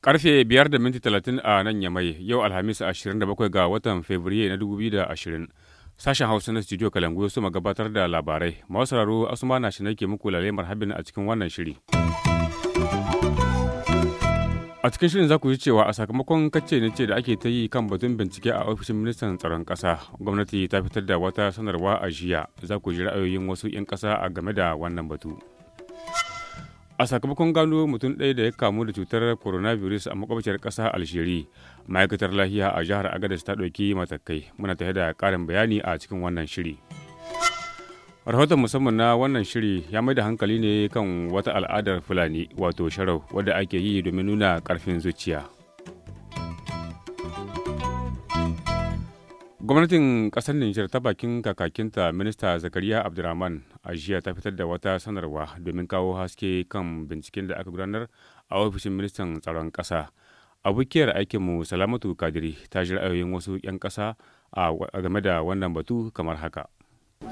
Karfe 5 da minti 30 a nan Yamai, yau Alhamis 27 ga watan Fabrairu na 2020. Sashen Hausa na Studio Kalangu su gabatar da labarai. Masu sauraro Asuma na shi nake muku lalai marhabin a cikin wannan shiri. a cikin shirin za ku ji cewa a sakamakon kacce ne ce da ake ta yi kan batun bincike a ofishin ministan tsaron ƙasa gwamnati ta fitar da wata sanarwa a jiya za ku ji ra'ayoyin wasu 'yan ƙasa a game da wannan batu a sakamakon gano mutum ɗaya da ya kamu da cutar coronavirus a makwabciyar ƙasa alsheri ma'aikatar lahiya a jihar agadas ta ɗauki matakai muna tare da ƙarin bayani a cikin wannan shiri. rahoton musamman na wannan shiri ya mai da hankali ne kan wata al'adar fulani wato sharau wadda ake yi domin nuna karfin zuciya gwamnatin kasar nijar ta bakin kakakinta minista zakariya abdulrahman a jiya ta fitar da wata sanarwa domin kawo haske kan binciken da aka gudanar a ofishin ministan tsaron ƙasa abokiyar aikinmu salamatu kadiri ta ji ra'ayoyin wasu 'yan ƙasa a game da wannan batu kamar haka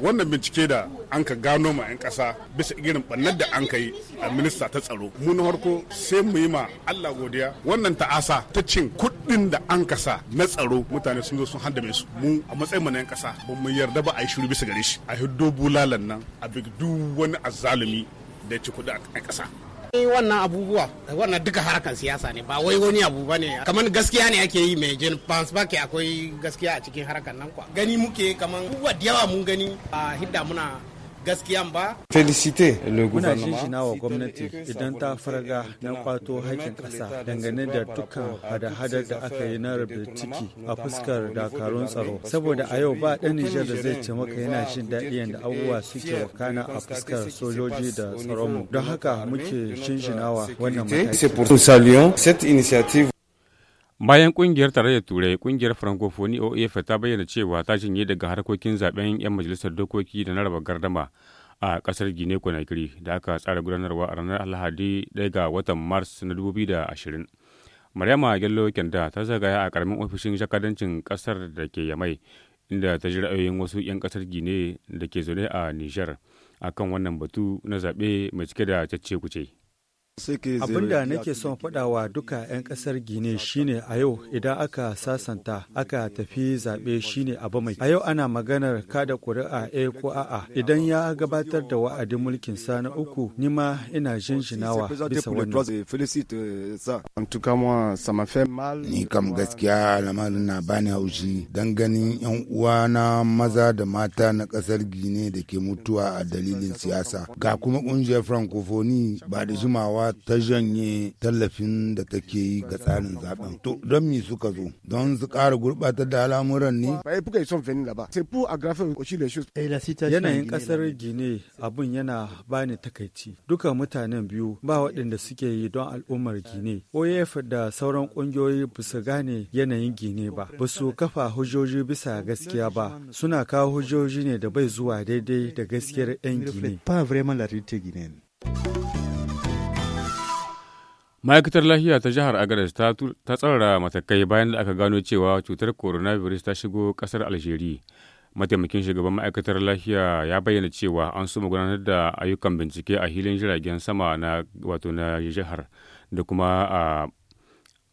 wannan bincike da an ka gano ma 'yan ƙasa bisa irin ɓannar da an ka yi a minista ta tsaro mu na farko sai mu yi ma allah godiya wannan ta'asa ta cin kuɗin da an sa na tsaro mutane sun zo sun mai su mu a matsayin mu na 'yan ƙasa ba mu yarda ba a yi shiru bisa gare shi a hiddo bulalan nan a duk wani azzalumi da ya ci kuɗi a ƙasa wannan abubuwa wannan duka harkan siyasa ne ba wai wani abu bane kamar gaskiya ne ake yi mai jin ba ke akwai gaskiya a cikin harkan nan kwa gani muke kamar abubuwa da yawa mun gani a hidda muna gaskiyan ba felicite le gouvernement muna wa gwamnati idan ta farga na kwato haƙƙin ƙasa dangane da dukkan hada-hadar da aka yi na ciki a fuskar dakarun tsaro saboda a yau ba ɗan nijar da zai ce maka yana jin daɗi yadda abubuwa suke wakana a fuskar sojoji da tsaronmu don haka muke shinshinawa wannan mataki Bayan kungiyar tarayyar Turai, kungiyar Francophonie OEF ta bayyana cewa ta janye daga harkokin zaben 'yan majalisar dokoki da na raba gardama a kasar Guinea Conakry da aka tsara gudanarwa a ranar Alhadi 1 ga watan Mars na 2020. Maryama Gello Kenda ta zagaya a karamin ofishin jakadancin kasar da ke Yamai inda ta ji ra'ayoyin wasu 'yan kasar Guinea da ke zaune a Nijar akan wannan batu na zaɓe mai cike da cece kuce. Abinda nake son faɗawa duka 'yan ƙasar Gine shine a yau idan aka sasanta aka tafi zaɓe shine abu mai. A yau ana maganar kada ƙuri'a a eh ko a'a idan ya gabatar da wa'adin mulkin sa na uku nima ma ina jinjinawa bisa wannan. Euh, ni kam gaskiya lamarin na bani haushi dan ganin 'yan uwa na maza da mata na ƙasar Gine da ke mutuwa a dalilin siyasa. Ga kuma ƙungiyar Francophonie ba da jimawa ta janye tallafin da take yi ga tsarin zaben to don mi suka zo don su ƙara gurɓatar da al'amuran ne eh, yanayin ƙasar gine abun yana bani takaici duka mutanen biyu ba waɗanda suke yi don al'ummar gine oef da sauran ƙungiyoyi ba su gane yanayin gine ba ba su kafa hujjoji bisa gaskiya ba suna kawo hujjoji ne da bai zuwa daidai da gaskiyar 'yan gine. ma'aikatar lafiya ta jihar agadas ta tsara matakai bayan da aka gano cewa cutar coronavirus ta shigo kasar algeria mataimakin shugaban ma'aikatar lafiya ya bayyana cewa an suma gudanar da ayyukan bincike a hilin jiragen sama na wato na jihar da kuma a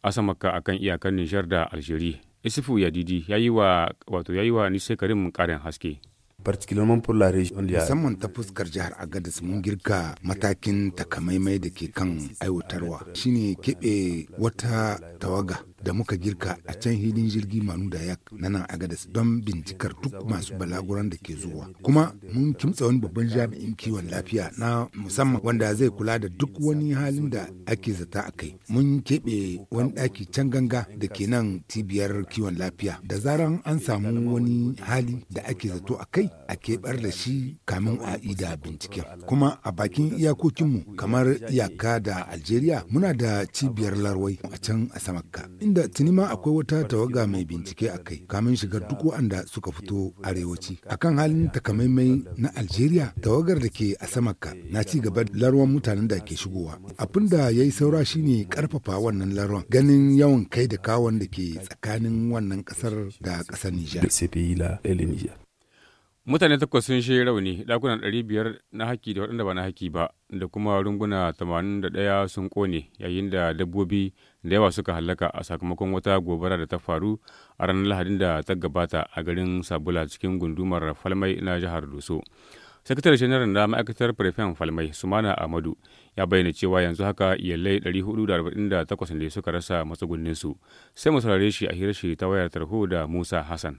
asamaka kan iyakar nijar da algeria isifu yadidi ya yi wa nisai karim karin haske particularly pour la région musamman ta fuskar jihar agadis mun girka matakin takamaimai da ke kan aiwatarwa shine keɓe wata tawaga da muka girka a can hidin jirgi manu da yak na nan agadas don bincikar duk masu balaguran da ke zuwa kuma mun kimtsa wani babban jami'in kiwon lafiya na musamman wanda zai kula da duk wani halin da ake zata a kai mun keɓe wani ɗaki can ganga da ke nan cibiyar kiwon lafiya da zaran an samu wani hali da ake zato a kai a keɓar da shi kamin a ida binciken kuma a bakin iyakokinmu kamar iyaka da aljeriya muna da cibiyar larwai a can a samakka da tuni ma akwai wata tawaga mai bincike a kai kamin shigar duk waɗanda suka fito arewaci a kan halin takamaimai na algeria tawagar da ke a samarka na ci gaba larwan mutanen da ke shigowa abin da ya yi saura shine karfafa wannan larwan ganin yawan kai da kawon da ke tsakanin wannan kasar da kasar nijar Mutane takwas sun shi rauni ɗakunan ɗari biyar na haki da waɗanda ba na haki ba da kuma runguna tamanin da ɗaya sun ƙone yayin da dabbobi da yawa suka hallaka a sakamakon wata gobara da ta faru a ranar Lahadin da ta gabata a garin Sabula cikin gundumar Falmai na jihar Doso. sakatare janar na ma'aikatar prefen falmai sumana amadu ya bayyana cewa yanzu haka iyalai 448 ne suka rasa matsugunninsu sai mu saurare shi a hirar shi ta wayar tarho da musa hassan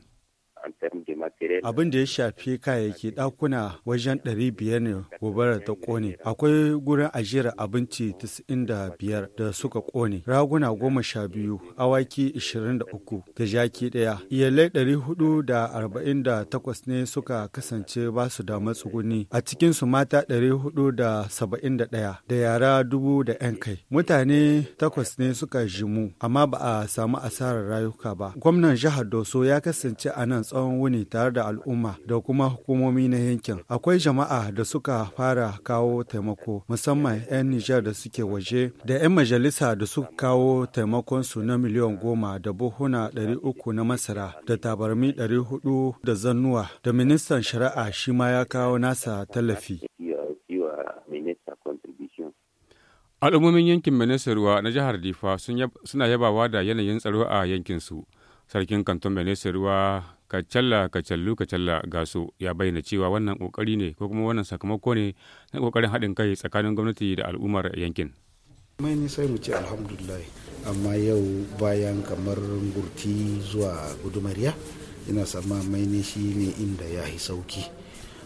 Abin da ya shafi kayayyaki dakuna wajen 500 ne gobara ta kone. Akwai gurin ajiyar abinci 95 da suka kone. Raguna goma sha biyu, awaki 23 da jaki ɗaya. Iyalai 448 ne suka kasance ba su da matsuguni. A cikinsu mata 471 da yara dubu da 'yan kai. Mutane takwas ne suka jimu, amma ba a samu asarar rayuka ba. Gwamnan jihar Doso ya kasance a nan tsawon wuni tare da al'umma da kuma hukumomi na yankin. Akwai jama'a da suka fara kawo taimako musamman 'yan Nijar da suke waje da 'yan majalisa da suka kawo taimakon su na miliyan goma da buhuna 300 na masara da tabarmi 400 da zannuwa da ministan shari'a shi ma ya kawo nasa tallafi. al'ummomin yankin Meneseruwa na jihar Difa suna yabawa da yanayin tsaro a yankinsu. Sarkin kanton Meneseruwa kacalla kacallu kacalla su ya bayyana cewa wannan kokari ne ko kuma wannan sakamako ne na kokarin haɗin kai tsakanin gwamnati da al'ummar yankin mai ne sai mu ce alhamdulillah amma yau bayan kamar gurti zuwa gudumariya ina ne shi ne inda ya yi sauki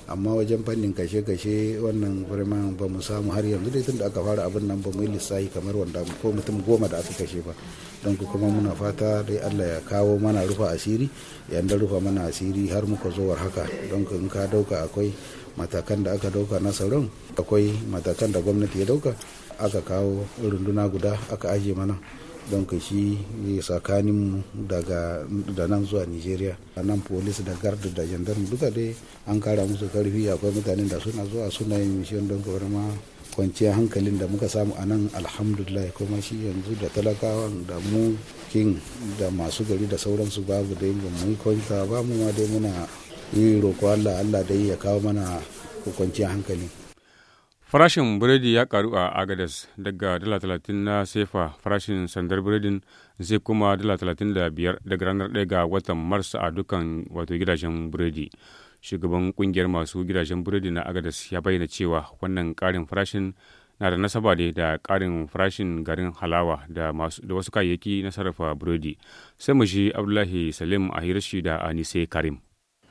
amma wajen fannin kashe-kashe wannan vraiment ba mu samu har yanzu dai tunda aka fara abin nan ba mu yi lissahi kamar wanda ko mutum goma da aka kashe ba don kuma muna fata dai Allah ya kawo mana rufa asiri da rufa mana asiri har muka zo war haka don in ka dauka akwai matakan da aka dauka na sauran akwai matakan da gwamnati ya dauka aka kawo runduna guda aka aje mana don ka shi eh, tsakanin daga da nan zuwa nigeria a nan polis da garda da jandarmu duka dai an kara musu karfi akwai mutanen da suna zuwa suna yin mishiyar don ka ma kwanciyar hankalin da muka samu a nan alhamdulillah kuma shi yanzu da talakawan da mu kin da masu gari da sauransu babu dai ba mu kwanta ba mu ma dai muna yi roƙo Allah Allah dai ya kawo mana kwanciyar hankali Farashin biredi ya karu a agadas daga dala talatin na sefa farashin sandar biredin zai kuma dala talatin da biyar daga ranar ɗaya ga watan Mars a dukkan wato gidajen biredi. Shugaban kungiyar masu gidajen biredi na agadas ya bayyana cewa wannan karin farashin na da nasaba ne da karin farashin garin halawa da wasu kayayyaki na sarrafa biredi sai mu shi abdullahi salim a hirshi da anise karim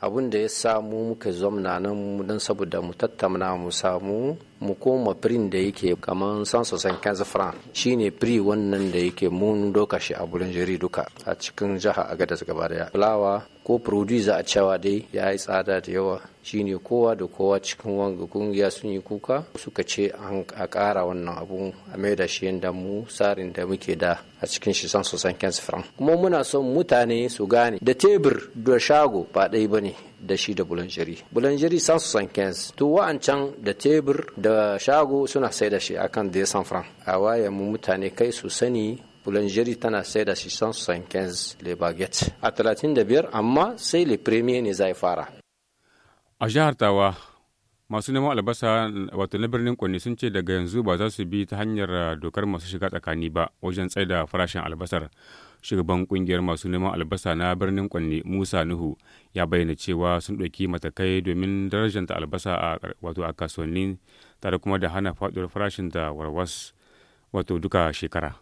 abin da ya samu muka zamna nan don saboda mu tattauna mu samu mu koma firin da yake kamar san sosan franc ne firi wannan da yake mun doka shi a bulan duka a cikin jiha gadas gaba daya fulawa ko produce a cewa dai ya yi tsada da yawa shine kowa da kowa cikin wanga kungiya sun yi kuka suka ce a kara wannan abu. a mai da shi yadda mu tsarin da muke da a cikin shi san sosan kensifran kuma muna son mutane su gane da tebur da shago ba ɗai ba ne da shi da bulanjeri bulanjeri san sosan kensu to wa'ancan da tebur da shago suna sai da shi akan da ya san fran a wayan mu mutane kai su sani Boulangeri tana sai da shi son le baguette a 35 amma sai le premier ne zai fara. A jihar Tawa masu neman albasa wato na birnin Kwani sun ce daga yanzu ba za su bi ta hanyar ah, dokar masu shiga tsakani ba wajen tsaida farashin albasar. Shugaban kungiyar masu neman albasa na birnin Kwani Musa Nuhu ya bayyana cewa sun ɗauki matakai domin darajanta albasa a wato a kasuwannin tare kuma da hana faɗuwar farashin da warwas wato duka shekara.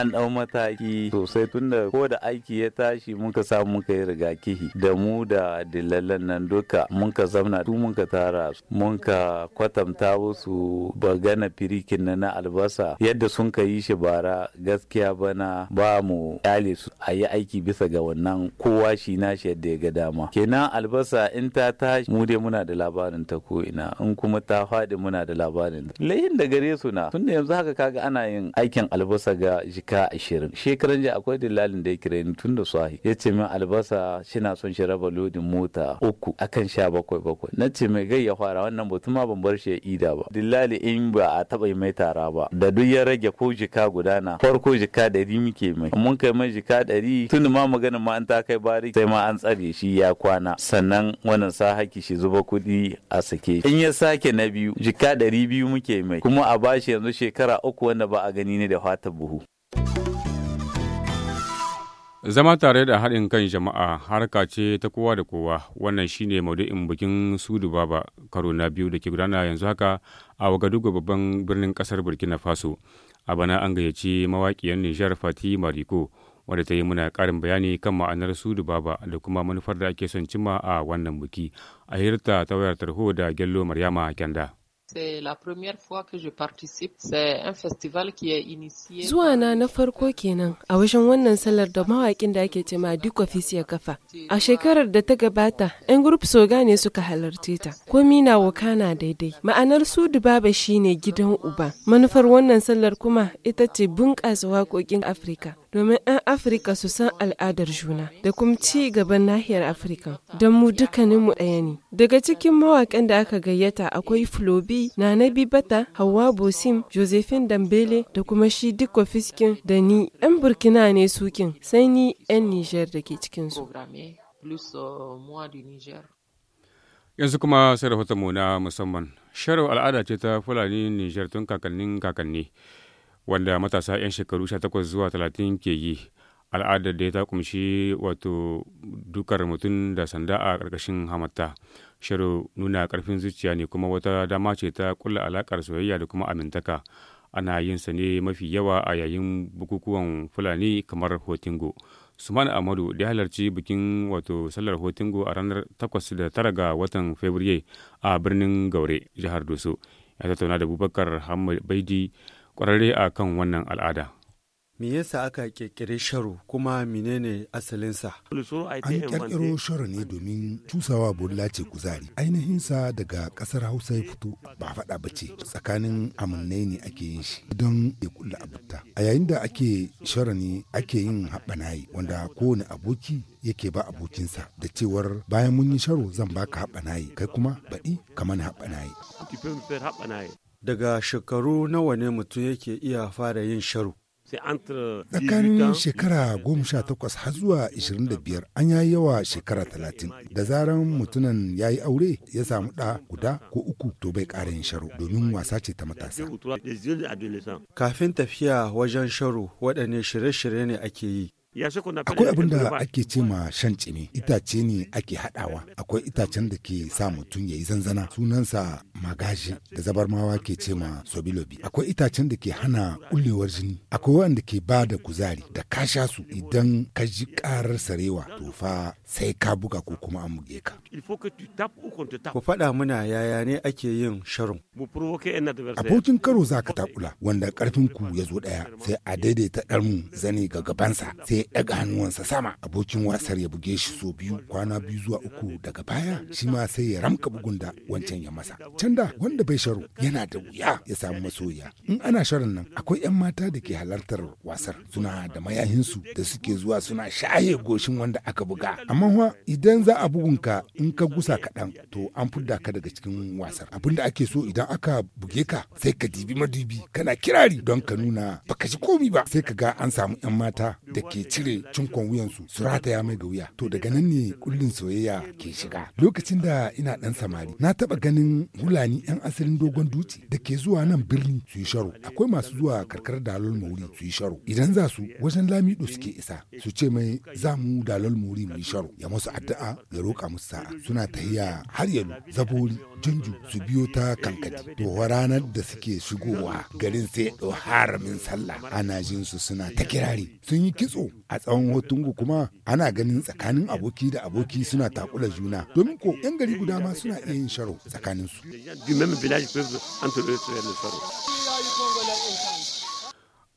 an ɗau mataki sosai tunda ko da aiki ya tashi muka sa muka yi rigakihi da mu da dillallan nan duka muka zamna tu muka tara su muka kwatanta ba bagana firikin na na albasa yadda sun ka yi shi bara gaskiya bana ba mu yale su a yi aiki bisa ga wannan kowa shi na shi yadda ya ga dama kenan albasa in ta tashi mu dai muna da labarin ta ko ina in kuma ta faɗi muna da labarin ta layin da gare su na tunda yanzu haka kaga ana yin aikin albasa ga cika ashirin shekaran jiya akwai dillalin da ya kira ni tun da sahi ya ce min albasa shina son shi raba lodin mota uku akan sha bakwai bakwai na ce mai gai ya fara wannan batun ma ban bar shi ya ida ba dillali in ba a taba mai tara ba da duk ya rage ko jika gudana. na farko jika ɗari muke mai mun kai mai jika ɗari tun ma maganin ma an ta kai bari sai ma an tsare shi ya kwana sannan wannan sa haki shi zuba kuɗi a sake in ya sake na biyu jika ɗari biyu muke mai kuma a bashi yanzu shekara uku wanda ba a gani ne da fata buhu Zama tare da haɗin kan jama'a harka ce ta kowa da kowa wannan shine maudu'in bikin Sudu Baba karo na biyu da ke gudana yanzu haka a Wagadugu babban birnin ƙasar Burkina Faso. A bana an gayyaci mawaƙiyar Nijar Fati Mariko wadda ta yi muna ƙarin bayani kan ma'anar Sudu Baba da kuma manufar da ake son cimma a wannan biki. A hirta ta wayar tarho da Gello Maryama Kenda. c'est la première fois que je participe. C'est un festival qui est initié. Zuwa na na farko kenan a wajen wannan sallar da mawaƙin da ake cema duk ofisiya ya kafa. A shekarar da ta gabata, 'yan grup soga ne suka halarce ta. Komi na wakana daidai. Ma'anar su dubaba shine gidan uba. Manufar wannan sallar kuma ita ce bunƙasa waƙoƙin Afirka. domin 'yan Afirka su san al'adar juna da kuma ci gaban nahiyar Afirka don mu dukkaninmu ɗaya ne. Daga cikin mawaƙan da aka gayyata akwai Flobi, na bata Hawa Bosim, Josephine Dambele da kuma shi Dikko Fiskin da ni 'yan Burkina ne sukin sai ni 'yan niger da ke cikinsu. Uh, yanzu kuma sai da na musamman sharo al'ada ce ta fulani niger tun kakannin kakanni wanda matasa 'yan shekaru 18 zuwa 30 ke yi al'adar da ya ta kumshi wato dukar mutum da sanda a ƙarƙashin hamata shiru nuna ƙarfin zuciya ne kuma wata dama ce ta kulla alaƙar soyayya da kuma amintaka ana yin sa ne mafi yawa a yayin bukukuwan fulani kamar hotingo suman amadu da halarci bikin wato sallar hotingo a ranar 8 da tara ga watan february a birnin gaure jihar doso ya tattauna da bubakar hamad baidi ƙwararre a kan wannan al'ada. Me yasa aka ƙirƙiri sharo kuma menene asalinsa? An kirkiro sharo ne domin cusawa bulla ce kuzari. Ainihinsa daga ƙasar Hausa ya fito ba faɗa ba ce tsakanin amannai ne ake yin shi don ya kulla abuta. A yayin da ake sharo ne ake yin haɓanayi wanda kowane aboki yake ba abokinsa da cewar bayan mun yi sharo zan baka haɓanayi kai kuma baɗi kamar haɓanayi. daga shekaru nawa ne mutum yake iya fara yin sharu tsakanin shekara goma sha takwas har zuwa ishirin da biyar an yayi yawa shekara talatin da zaran mutunan ya yi aure ya samu ɗa guda ko uku to bai ƙara yin sharo domin wasa ce ta matasa kafin tafiya wajen sharo waɗanne shirye-shirye ne ake yi Akwai abin da ake ce ma shan tsimi, itace ne ake hadawa. Akwai itacen da ke sa mutum ya yi zanzana sunansa magaji da zabarmawa ke ce ma sobilobi. Akwai itacen da ke hana kullewar jini. Akwai wanda ke ba da kuzari da kasha su idan ka ji karar sarewa to fa sai ka buga ko kuma an buge ka. Ku faɗa muna yaya ne ake yin sharon. Abokin karo za ka takula wanda karfin ku ya zo ɗaya sai a daidaita ɗarmu zane ga gabansa sai ya ɗaga hannuwansa sama abokin wasar ya buge shi so biyu kwana biyu zuwa uku daga baya shi ma sai ya ramka bugun da wancan ya masa can da wanda bai sharo yana da wuya ya samu masoya in ana sharan nan akwai 'yan mata da ke halartar wasar suna da mayahinsu da suke zuwa suna shaye goshin wanda aka buga amma fa idan za a bugunka in ka gusa kaɗan to an fidda ka daga cikin wasar abinda ake so idan aka buge ka sai ka dibi madibi. kana kirari don ka nuna baka ji komi ba sai ka ga an samu 'yan mata da ke cire cinkon wuyansu su ya mai ga wuya to daga nan ne kullin soyayya ke shiga lokacin da ina dan samari na taba ganin hulani yan asalin dogon dutse da ke zuwa nan birni su yi sharo akwai masu zuwa karkar dalol mori su yi sharo idan za su wajen lamido suke isa su ce mai za mu dalol mori mu yi sharo ya musu addu'a ya roƙa musu sa'a suna tahiya har yalu zabori junju su biyo ta kankadi to ranar da suke shigowa garin sai haramin sallah ana jin su suna ta kirari sun yi kitso a tsawon hotungu kuma ana ganin tsakanin aboki da aboki suna takula juna domin ko yan gari guda ma suna iya yin sharo tsakanin su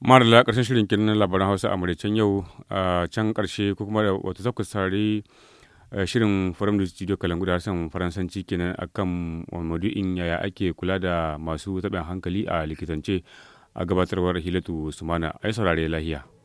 marala karshen shirin kinan labaran hausa a can yau a can karshe ko kuma da wata sakusari eh, shirin forum da studio kalangu da harsan faransanci kenan akan maudu'in yaya ake kula da masu taɓin hankali a likitance a gabatarwar hilatu sumana ai saurare lahiya